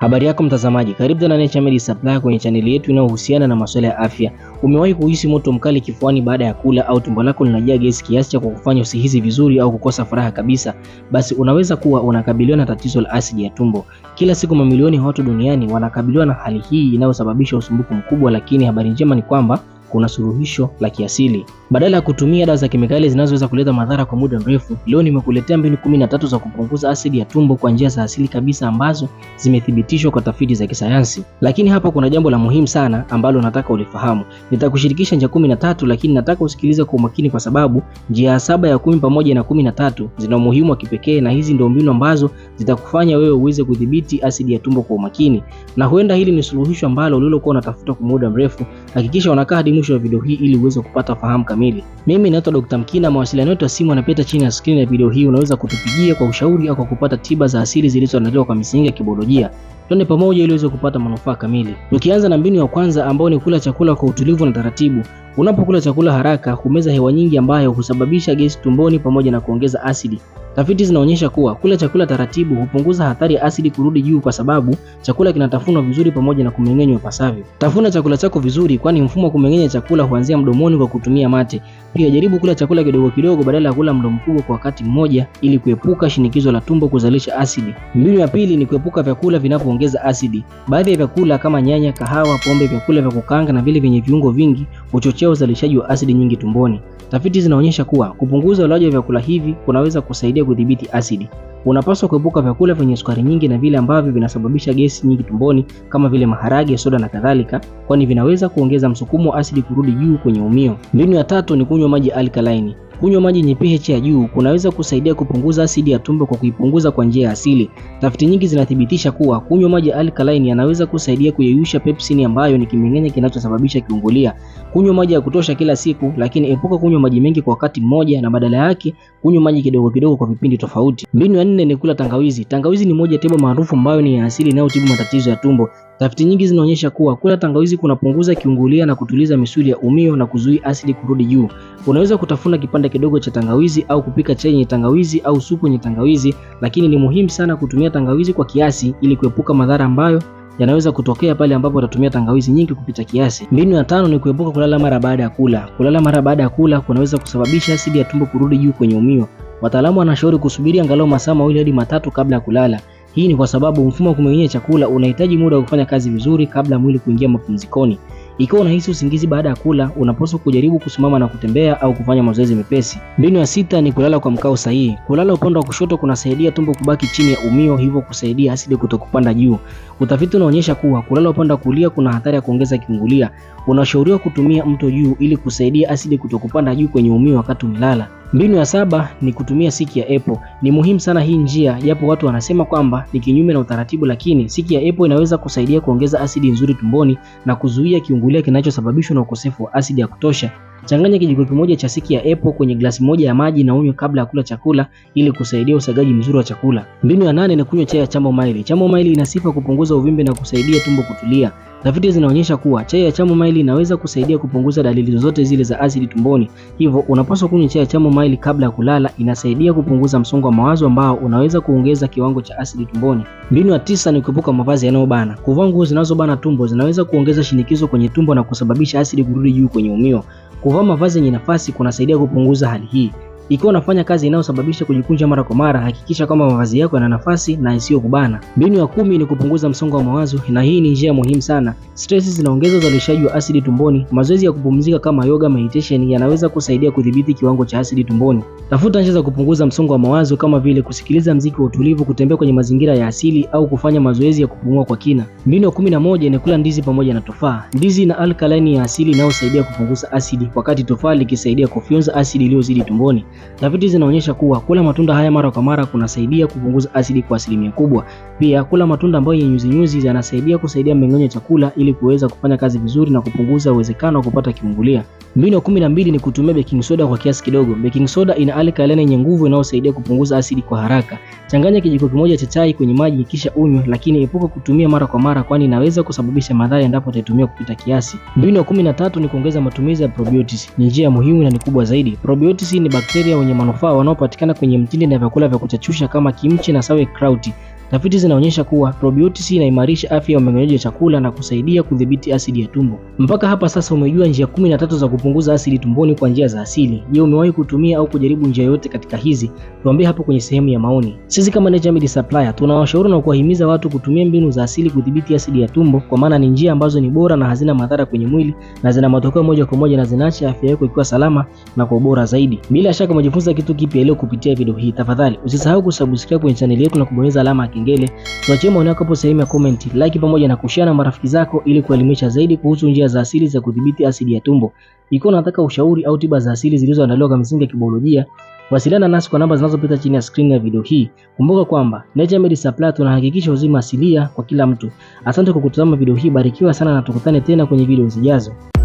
Habari yako mtazamaji, karibu tena Nature Med Supply kwenye chaneli yetu inayohusiana na masuala ya afya. Umewahi kuhisi moto mkali kifuani baada ya kula au tumbo lako linajaa gesi kiasi cha kukufanya usihisi vizuri au kukosa furaha kabisa? Basi unaweza kuwa unakabiliwa na tatizo la asidi ya tumbo. Kila siku mamilioni ya watu duniani wanakabiliwa na hali hii inayosababisha usumbufu mkubwa, lakini habari njema ni kwamba kuna suluhisho la kiasili. Badala ya kutumia dawa za kemikali zinazoweza kuleta madhara kwa muda mrefu, leo nimekuletea mbinu kumi na tatu za kupunguza asidi ya tumbo kwa njia za asili kabisa ambazo zimethibitishwa kwa tafiti za kisayansi. Lakini hapa kuna jambo la muhimu sana ambalo nataka ulifahamu. Nitakushirikisha njia kumi na tatu, lakini nataka usikilize kwa umakini, kwa sababu njia saba ya kumi pamoja na kumi na tatu zina umuhimu wa kipekee, na hizi ndio mbinu ambazo zitakufanya wewe uweze kudhibiti asidi ya tumbo kwa umakini, na huenda hili ni suluhisho ambalo ulilokuwa unatafuta kwa muda mrefu, Hakikisha unakaa hadi mwisho wa video hii ili uweze kupata fahamu kamili. Mimi naitwa Dr. Mkina, mawasiliano yetu ya simu yanapita chini ya skrini ya video hii. Unaweza kutupigia kwa ushauri au kwa kupata tiba za asili zilizoandaliwa kwa misingi ya kibiolojia. Twende pamoja ili uweze kupata manufaa kamili. Tukianza na mbinu ya kwanza ambayo ni kula chakula kwa utulivu na taratibu. Unapokula chakula haraka, humeza hewa nyingi ambayo husababisha gesi tumboni pamoja na kuongeza asidi. Tafiti zinaonyesha kuwa kula chakula taratibu hupunguza hatari ya asidi kurudi juu kwa sababu chakula kinatafunwa vizuri pamoja na kumeng'enywa ipasavyo. Tafuna chakula chako vizuri kwani mfumo wa kumeng'enya chakula huanzia mdomoni kwa kutumia mate. Pia jaribu kula chakula kidogo kidogo badala ya kula mlo mkubwa kwa wakati mmoja ili kuepuka shinikizo la tumbo kuzalisha asidi. Mbinu ya pili ni kuepuka vyakula vinavyoongeza asidi. Baadhi ya vyakula kama nyanya, kahawa, pombe, vyakula vya kukanga na vile vyenye viungo vingi huchochea uzalishaji wa asidi nyingi tumboni. Tafiti zinaonyesha kuwa kupunguza ulaji wa vyakula hivi kunaweza kusaidia kudhibiti asidi. Unapaswa kuepuka vyakula vyenye sukari nyingi na vile ambavyo vinasababisha gesi nyingi tumboni kama vile maharage, soda na kadhalika, kwani vinaweza kuongeza msukumo wa asidi kurudi juu kwenye umio. Mbinu ya tatu ni kunywa maji alkalaini. Kunywa maji yenye pH ya juu kunaweza kusaidia kupunguza asidi ya tumbo kwa kuipunguza kwa njia ya asili. Tafiti nyingi zinathibitisha kuwa kunywa maji alkaline yanaweza kusaidia kuyeyusha pepsin, ambayo ni kimeng'enya kinachosababisha kiungulia. Kunywa maji ya kutosha kila siku, lakini epuka kunywa maji mengi kwa wakati mmoja, na badala yake kunywa maji kidogo kidogo kwa vipindi tofauti. Mbinu ya nne ni kula tangawizi. Tangawizi ni moja tiba maarufu ambayo ni ya asili inayotibu matatizo ya tumbo. Tafiti nyingi zinaonyesha kuwa kula tangawizi kunapunguza kiungulia na kutuliza misuli ya umio na kuzuia asidi kurudi juu. Unaweza kutafuna kipande kidogo cha tangawizi au kupika chai yenye tangawizi au supu yenye tangawizi, lakini ni muhimu sana kutumia tangawizi kwa kiasi ili kuepuka madhara ambayo yanaweza kutokea pale ambapo utatumia tangawizi nyingi kupita kiasi. Mbinu ya tano ni kuepuka kulala mara baada ya kula. Kulala mara baada ya kula kunaweza kusababisha asidi ya tumbo kurudi juu kwenye umio. Wataalamu wanashauri kusubiri angalau masaa mawili hadi matatu kabla ya kulala. Hii ni kwa sababu mfumo wa kumeng'enya chakula unahitaji muda wa kufanya kazi vizuri kabla mwili kuingia mapumzikoni. Ikiwa unahisi usingizi baada ya kula, unapaswa kujaribu kusimama na kutembea au kufanya mazoezi mepesi. Mbinu ya sita ni kulala kwa mkao sahihi. Kulala upande wa kushoto kunasaidia tumbo kubaki chini ya umio, hivyo kusaidia asidi kutokupanda juu. Utafiti unaonyesha kuwa kulala upande wa kulia kuna hatari ya kuongeza kiungulia. Unashauriwa kutumia mto juu ili kusaidia asidi kutokupanda juu kwenye umio wakati umelala. Mbinu ya saba ni kutumia siki ya Apple. Ni muhimu sana hii njia, japo watu wanasema kwamba ni kinyume na utaratibu, lakini siki ya Apple inaweza kusaidia kuongeza asidi nzuri tumboni na kuzuia kiungulia kinachosababishwa na ukosefu wa asidi ya kutosha Changanya kijiko kimoja cha siki ya epo kwenye glasi moja ya maji na unywe kabla ya kula chakula ili kusaidia usagaji mzuri wa chakula. Mbinu ya nane ni kunywa chai ya chamomile. Chamomile ina sifa kupunguza uvimbe na kusaidia tumbo kutulia. Tafiti zinaonyesha kuwa chai ya chamomile inaweza kusaidia kupunguza dalili zozote zile za asidi tumboni, hivyo unapaswa kunywa chai ya chamomile kabla ya kulala. Inasaidia kupunguza msongo wa mawazo ambao unaweza kuongeza kiwango cha asidi tumboni. Mbinu ya tisa ni kuepuka mavazi yanayobana. Kuvaa nguo zinazobana tumbo zinaweza kuongeza shinikizo kwenye tumbo na kusababisha asidi kurudi juu kwenye umio. Kuvaa mavazi yenye nafasi kunasaidia kupunguza hali hii. Ikiwa unafanya kazi inayosababisha kujikunja mara kwa mara, hakikisha kwamba mavazi yako yana nafasi na isiyokubana. Mbinu ya kumi ni kupunguza msongo wa mawazo, na hii ni njia muhimu sana. Stress zinaongeza uzalishaji wa asidi tumboni. Mazoezi ya kupumzika kama yoga, meditation yanaweza kusaidia kudhibiti kiwango cha asidi tumboni. Tafuta njia za kupunguza msongo wa mawazo kama vile kusikiliza mziki wa utulivu, kutembea kwenye mazingira ya asili au kufanya mazoezi ya kupumua kwa kina. Mbinu ya kumi na moja ni kula ndizi pamoja na tofaa. Ndizi na alkaline ya asili inayosaidia kupunguza asidi, wakati tofaa likisaidia kufyonza asidi iliyozidi tumboni. Tafiti zinaonyesha kuwa kula matunda haya mara kwa mara kunasaidia kupunguza asidi kwa asilimia kubwa. Pia kula matunda ambayo yenye nyuzinyuzi yanasaidia kusaidia mmeng'enyo wa chakula ili kuweza kufanya kazi vizuri na kupunguza uwezekano wa kupata kiungulia. Mbinu ya kumi na mbili ni kutumia baking soda kwa kiasi kidogo. Baking soda ina alkaline yenye nguvu inayosaidia kupunguza asidi kwa haraka. Changanya kijiko kimoja cha chai kwenye maji kisha unywe, lakini epuka kutumia mara kwa mara, kwani inaweza kusababisha madhara endapo utaitumia kupita kiasi. Mbinu ya kumi na tatu ni kuongeza matumizi ya probiotics. Ni njia muhimu na ni kubwa zaidi. Probiotics ni bakteria wenye manufaa wanaopatikana kwenye mtindi na vyakula vya kuchachusha kama kimchi na sauerkraut. Tafiti zinaonyesha kuwa probiotics inaimarisha afya ya mmeng'enyo wa chakula na kusaidia kudhibiti asidi ya tumbo. Mpaka hapa sasa umejua njia kumi na tatu za kupunguza asidi tumboni kwa njia za asili. Je, umewahi kutumia au kujaribu njia yoyote katika hizi? Tuambie hapo kwenye sehemu ya maoni. Sisi kama Naturemed Supplier tunawashauri na kuwahimiza watu kutumia mbinu za asili kudhibiti asidi ya tumbo, kwa maana ni njia ambazo ni bora na hazina madhara kwenye mwili na zina matokeo moja kwa moja na zinaacha afya yako ikiwa salama na kwa ubora zaidi. Bila shaka umejifunza kitu kipya leo kupitia video hii. Tafadhali usisahau kusubscribe kwenye channel yetu na kubonyeza alama ya kengele. Tuachie maoni yako hapo sehemu ya comment, like pamoja na kushare na marafiki zako ili kuelimisha zaidi kuhusu njia za asili za kudhibiti asidi ya tumbo. Ikiwa unataka ushauri au tiba za asili zilizoandaliwa kwa misingi ya kibiolojia, wasiliana nasi kwa namba zinazopita chini ya screen ya video hii. Kumbuka kwamba Naturemed Supplies tunahakikisha uzima asilia kwa kila mtu. Asante kwa kutazama video hii, barikiwa sana na tukutane tena kwenye video zijazo.